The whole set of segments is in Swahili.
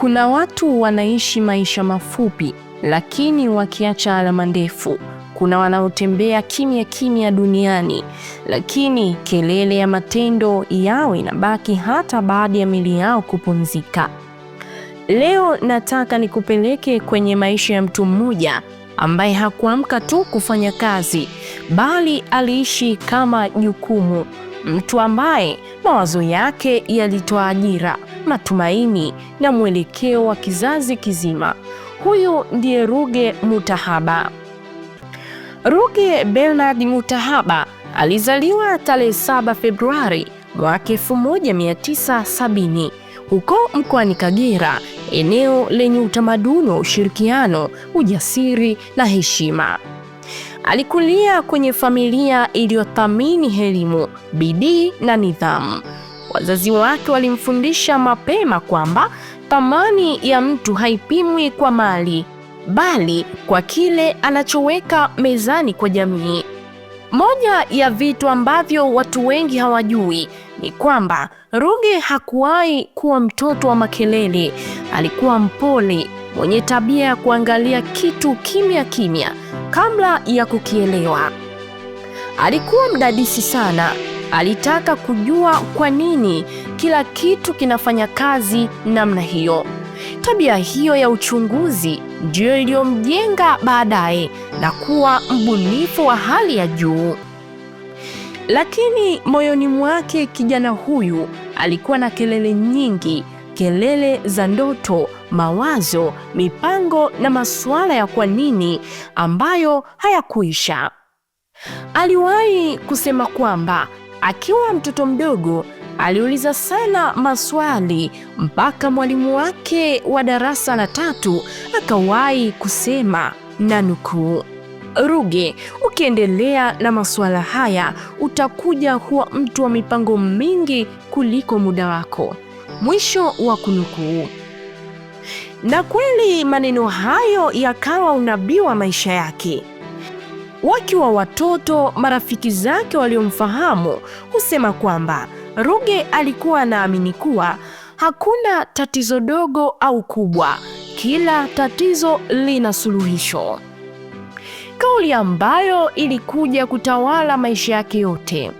Kuna watu wanaishi maisha mafupi lakini wakiacha alama ndefu. Kuna wanaotembea kimya kimya duniani, lakini kelele ya matendo yao inabaki hata baada ya mili yao kupumzika. Leo nataka nikupeleke kwenye maisha ya mtu mmoja ambaye hakuamka tu kufanya kazi, bali aliishi kama jukumu mtu ambaye mawazo yake yalitoa ajira, matumaini na mwelekeo wa kizazi kizima. Huyu ndiye Ruge Mutahaba. Ruge Bernard Mutahaba alizaliwa tarehe 7 Februari mwaka 1970 huko mkoani Kagera, eneo lenye utamaduni wa ushirikiano, ujasiri na heshima. Alikulia kwenye familia iliyothamini elimu, bidii na nidhamu. Wazazi wake walimfundisha mapema kwamba thamani ya mtu haipimwi kwa mali, bali kwa kile anachoweka mezani kwa jamii. Moja ya vitu ambavyo watu wengi hawajui ni kwamba Ruge hakuwahi kuwa mtoto wa makelele. Alikuwa mpole, mwenye tabia ya kuangalia kitu kimya kimya kabla ya kukielewa. Alikuwa mdadisi sana, alitaka kujua kwa nini kila kitu kinafanya kazi namna hiyo. Tabia hiyo ya uchunguzi ndiyo iliyomjenga baadaye na kuwa mbunifu wa hali ya juu. Lakini moyoni mwake kijana huyu alikuwa na kelele nyingi, kelele za ndoto mawazo, mipango na masuala ya kwa nini ambayo hayakuisha. Aliwahi kusema kwamba akiwa mtoto mdogo aliuliza sana maswali mpaka mwalimu wake wa darasa la tatu akawahi kusema na nukuu, Ruge, ukiendelea na masuala haya utakuja kuwa mtu wa mipango mingi kuliko muda wako. Mwisho wa kunukuu. Na kweli maneno hayo yakawa unabii wa maisha yake. Wakiwa watoto, marafiki zake waliomfahamu husema kwamba Ruge alikuwa anaamini kuwa hakuna tatizo dogo au kubwa, kila tatizo lina suluhisho, kauli ambayo ilikuja kutawala maisha yake yote.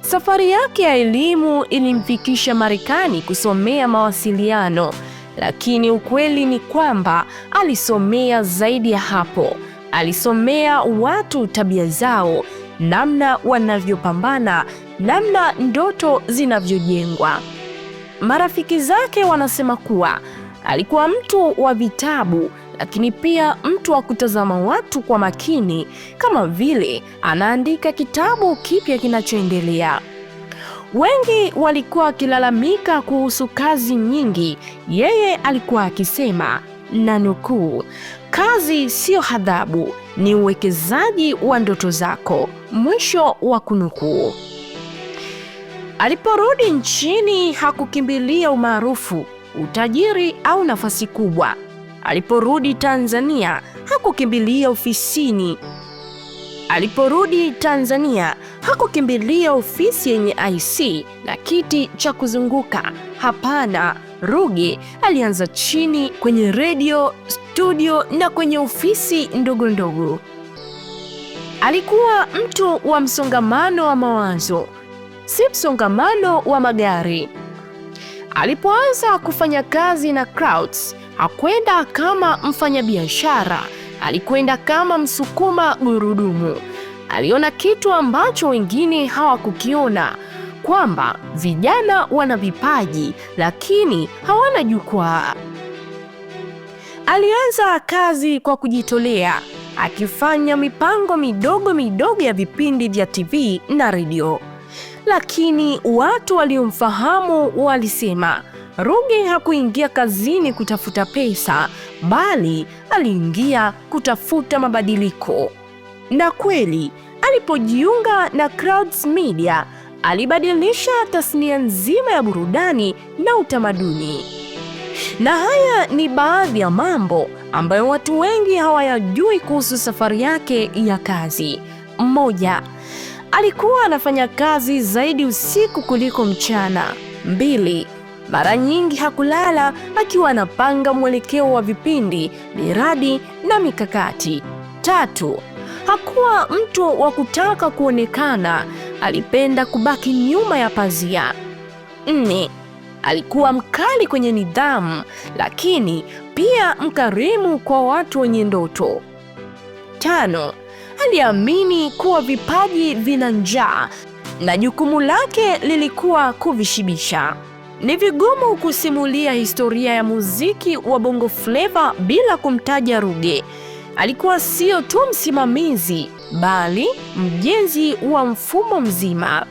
Safari yake ya elimu ilimfikisha Marekani kusomea mawasiliano lakini ukweli ni kwamba alisomea zaidi ya hapo. Alisomea watu, tabia zao, namna wanavyopambana, namna ndoto zinavyojengwa. Marafiki zake wanasema kuwa alikuwa mtu wa vitabu, lakini pia mtu wa kutazama watu kwa makini, kama vile anaandika kitabu kipya kinachoendelea. Wengi walikuwa wakilalamika kuhusu kazi nyingi. Yeye alikuwa akisema na nukuu, kazi siyo adhabu, ni uwekezaji wa ndoto zako, mwisho wa kunukuu. Aliporudi nchini hakukimbilia umaarufu, utajiri au nafasi kubwa. Aliporudi Tanzania hakukimbilia ofisini. Aliporudi Tanzania hakukimbilia ofisi yenye IC na kiti cha kuzunguka. Hapana, Ruge alianza chini kwenye redio, studio na kwenye ofisi ndogo ndogo. Alikuwa mtu wa msongamano wa mawazo, si msongamano wa magari. Alipoanza kufanya kazi na Clouds, hakwenda kama mfanyabiashara, alikwenda kama msukuma gurudumu aliona kitu ambacho wengine hawakukiona kwamba vijana wana vipaji lakini hawana jukwaa. Alianza kazi kwa kujitolea, akifanya mipango midogo midogo ya vipindi vya TV na redio, lakini watu waliomfahamu walisema Ruge hakuingia kazini kutafuta pesa, bali aliingia kutafuta mabadiliko. Na kweli alipojiunga na Clouds Media alibadilisha tasnia nzima ya burudani na utamaduni. Na haya ni baadhi ya mambo ambayo watu wengi hawayajui kuhusu safari yake ya kazi. Moja, alikuwa anafanya kazi zaidi usiku kuliko mchana. Mbili, mara nyingi hakulala akiwa anapanga mwelekeo wa vipindi, miradi na mikakati. Tatu, Hakuwa mtu wa kutaka kuonekana, alipenda kubaki nyuma ya pazia. Nne, alikuwa mkali kwenye nidhamu, lakini pia mkarimu kwa watu wenye ndoto. Tano, aliamini kuwa vipaji vina njaa na jukumu lake lilikuwa kuvishibisha. Ni vigumu kusimulia historia ya muziki wa Bongo Flava bila kumtaja Ruge. Alikuwa sio tu msimamizi bali mjenzi wa mfumo mzima.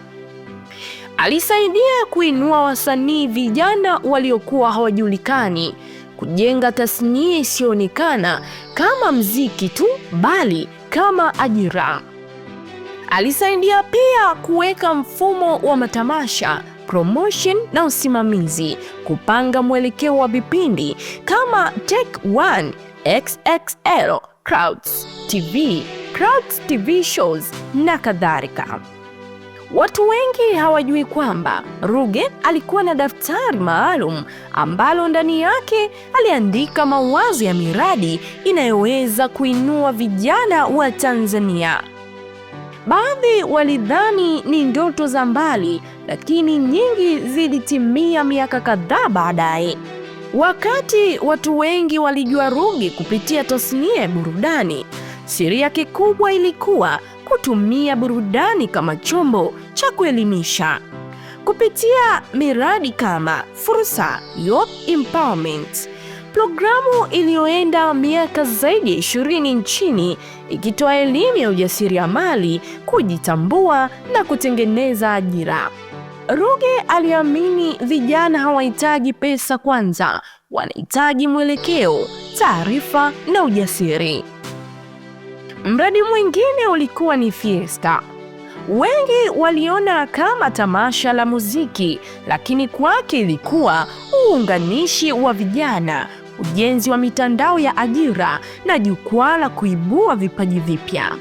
Alisaidia kuinua wasanii vijana waliokuwa hawajulikani, kujenga tasnia isiyoonekana kama mziki tu bali kama ajira. Alisaidia pia kuweka mfumo wa matamasha, promotion na usimamizi, kupanga mwelekeo wa vipindi kama Take One, XXL crowds TV, crowds TV shows na kadhalika. Watu wengi hawajui kwamba Ruge alikuwa na daftari maalum ambalo ndani yake aliandika mawazo ya miradi inayoweza kuinua vijana wa Tanzania. Baadhi walidhani ni ndoto za mbali, lakini nyingi zilitimia miaka kadhaa baadaye. Wakati watu wengi walijua Ruge kupitia tasnia ya burudani, siri yake kubwa ilikuwa kutumia burudani kama chombo cha kuelimisha kupitia miradi kama Fursa Youth Empowerment, programu iliyoenda miaka zaidi ya ishirini nchini ikitoa elimu ya ujasiriamali, kujitambua na kutengeneza ajira. Ruge aliamini vijana hawahitaji pesa kwanza, wanahitaji mwelekeo, taarifa na ujasiri. Mradi mwingine ulikuwa ni Fiesta. Wengi waliona kama tamasha la muziki, lakini kwake ilikuwa uunganishi wa vijana, ujenzi wa mitandao ya ajira na jukwaa la kuibua vipaji vipya.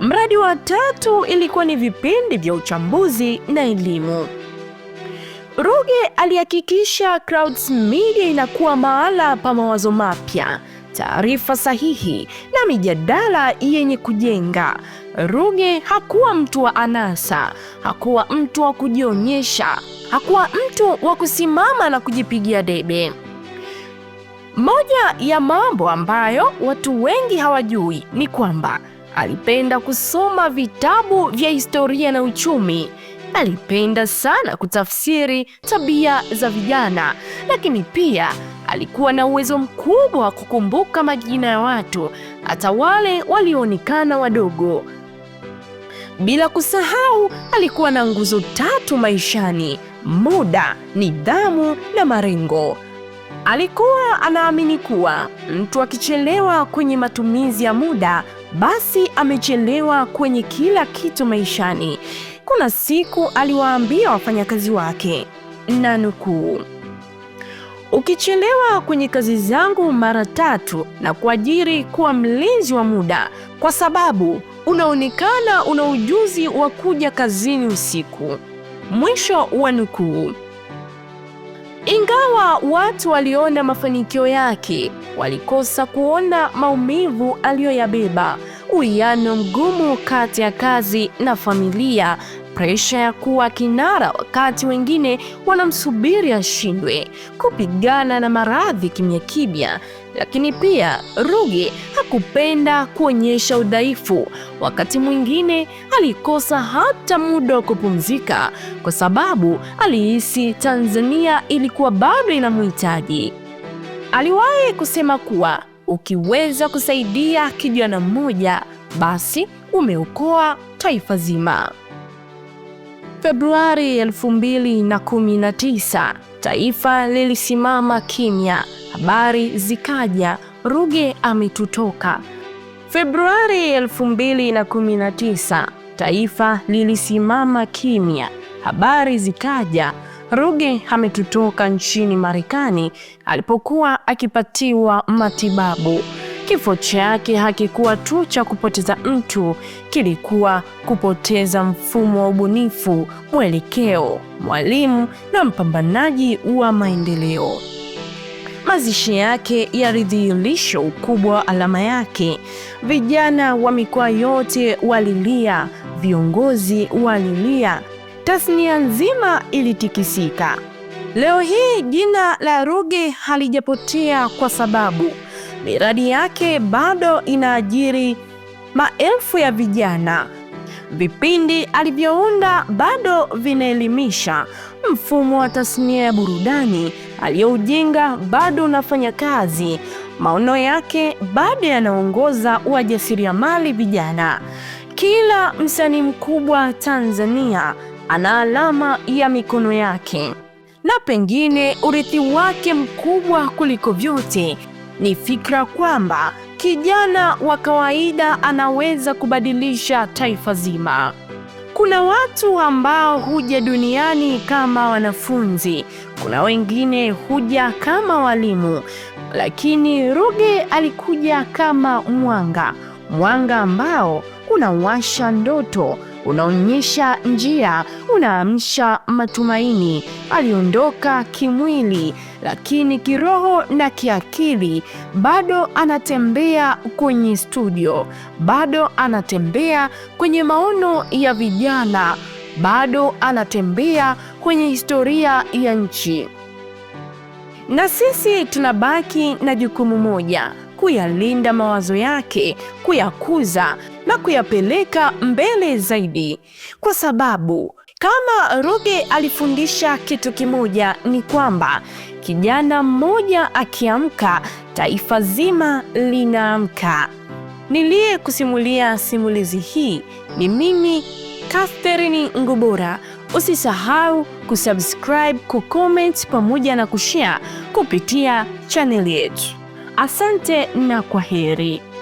Mradi wa tatu ilikuwa ni vipindi vya uchambuzi na elimu. Ruge alihakikisha Clouds Media inakuwa mahala pa mawazo mapya, taarifa sahihi na mijadala yenye kujenga. Ruge hakuwa mtu wa anasa, hakuwa mtu wa kujionyesha, hakuwa mtu wa kusimama na kujipigia debe. Moja ya mambo ambayo watu wengi hawajui ni kwamba Alipenda kusoma vitabu vya historia na uchumi. Alipenda sana kutafsiri tabia za vijana, lakini pia alikuwa na uwezo mkubwa wa kukumbuka majina ya watu, hata wale walioonekana wadogo. Bila kusahau, alikuwa na nguzo tatu maishani: muda, nidhamu na marengo. Alikuwa anaamini kuwa mtu akichelewa kwenye matumizi ya muda basi amechelewa kwenye kila kitu maishani. Kuna siku aliwaambia wafanyakazi wake, na nukuu, ukichelewa kwenye kazi zangu mara tatu na kuajiri kuwa mlinzi wa muda, kwa sababu unaonekana una ujuzi wa kuja kazini usiku. Mwisho wa nukuu. Ingawa watu waliona mafanikio yake, walikosa kuona maumivu aliyoyabeba, uwiano mgumu kati ya kazi na familia presha ya kuwa kinara wakati wengine wanamsubiri ashindwe, kupigana na maradhi kimya kimya. Lakini pia Ruge hakupenda kuonyesha udhaifu. Wakati mwingine alikosa hata muda wa kupumzika, kwa sababu alihisi Tanzania ilikuwa bado inamhitaji. Aliwahi kusema kuwa ukiweza kusaidia kijana mmoja, basi umeokoa taifa zima. Februari 2019 taifa lilisimama kimya, habari zikaja, Ruge ametutoka. Februari 2019 taifa lilisimama kimya, habari zikaja, Ruge ametutoka nchini Marekani alipokuwa akipatiwa matibabu. Kifo chake hakikuwa tu cha kupoteza mtu, kilikuwa kupoteza mfumo wa ubunifu, mwelekeo, mwalimu na mpambanaji wa maendeleo. Mazishi yake yalidhihirisha ukubwa wa alama yake. Vijana wa mikoa yote walilia, viongozi walilia, tasnia nzima ilitikisika. Leo hii jina la Ruge halijapotea kwa sababu miradi yake bado inaajiri maelfu ya vijana. Vipindi alivyounda bado vinaelimisha. Mfumo wa tasnia ya burudani aliyoujenga bado unafanya kazi. Maono yake bado yanaongoza wajasiriamali vijana. Kila msanii mkubwa Tanzania ana alama ya mikono yake, na pengine urithi wake mkubwa kuliko vyote ni fikra kwamba kijana wa kawaida anaweza kubadilisha taifa zima. Kuna watu ambao huja duniani kama wanafunzi, kuna wengine huja kama walimu, lakini Ruge alikuja kama mwanga, mwanga ambao unawasha ndoto, unaonyesha njia, unaamsha matumaini. Aliondoka kimwili lakini kiroho na kiakili bado anatembea kwenye studio, bado anatembea kwenye maono ya vijana, bado anatembea kwenye historia ya nchi. Na sisi tunabaki na jukumu moja, kuyalinda mawazo yake, kuyakuza na kuyapeleka mbele zaidi, kwa sababu kama Ruge alifundisha kitu kimoja, ni kwamba kijana mmoja akiamka, taifa zima linaamka. Niliyekusimulia simulizi hii ni mimi Catherine Ngubora. Usisahau kusubscribe, kucomment pamoja na kushare kupitia chaneli yetu. Asante na kwa heri